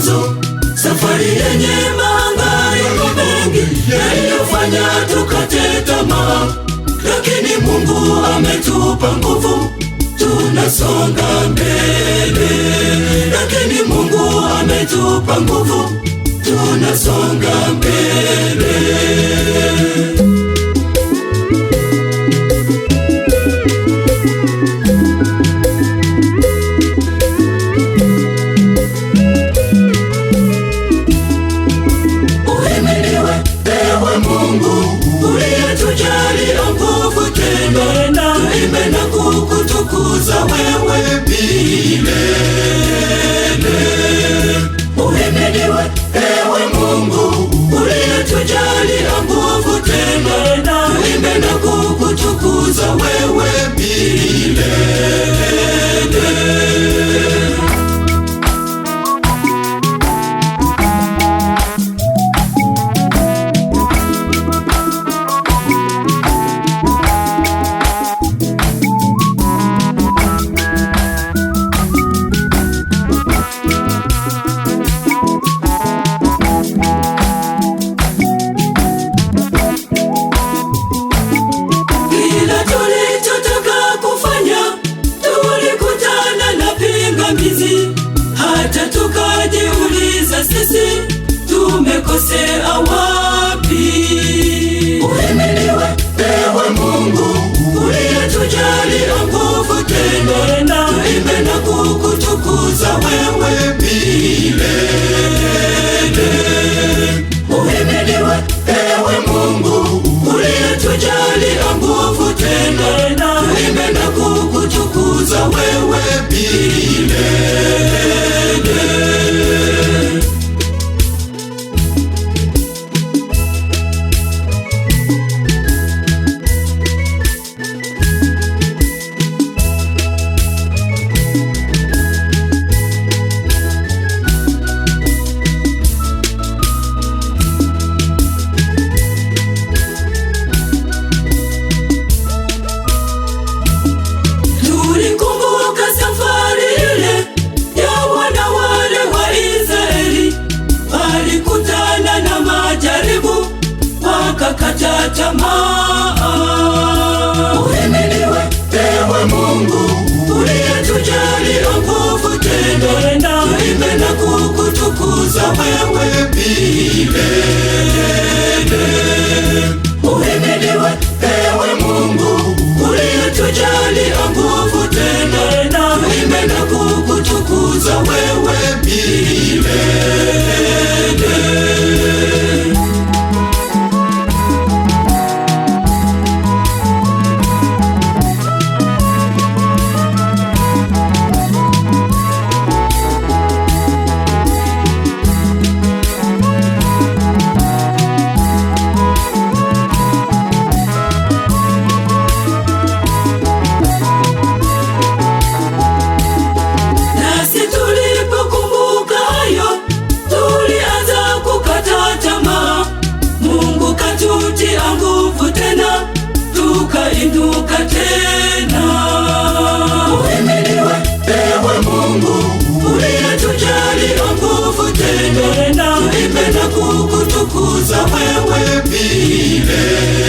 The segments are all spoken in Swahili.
nazo, safari yenye mahangaiko mengi yaliyofanya tukate tamaa, lakini Mungu ametupa nguvu, tunasonga mbele, lakini Mungu ametupa nguvu, tunasonga Ewe Mungu uliyetujalia nguvu tena, tuimbe na kukutukuza wewe milele. Inuka tena, uhimidiwe ewe Mungu uliyetujalia nguvu tena, tuimbe na kukutukuza wewe milele.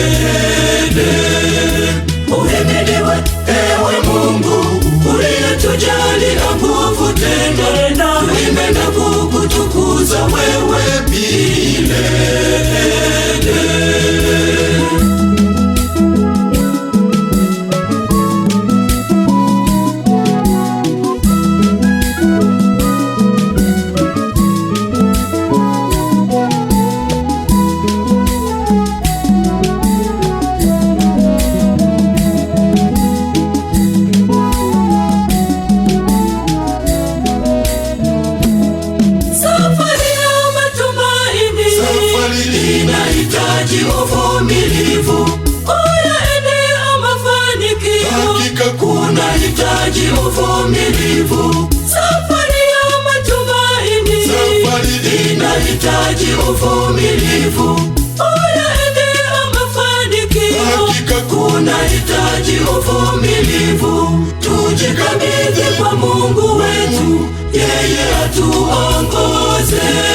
uvumilivu uyaendea mafanikio. Hakika kuna hitaji uvumilivu. Safari ya matumaini safari inahitaji uvumilivu uyaendea mafanikio. Hakika kuna hitaji uvumilivu. Tujikabidhi kwa Mungu wetu, yeye atuongoze.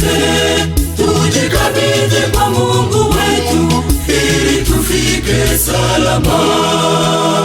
wote tujikabidhi kwa Mungu wetu ili tufike salama.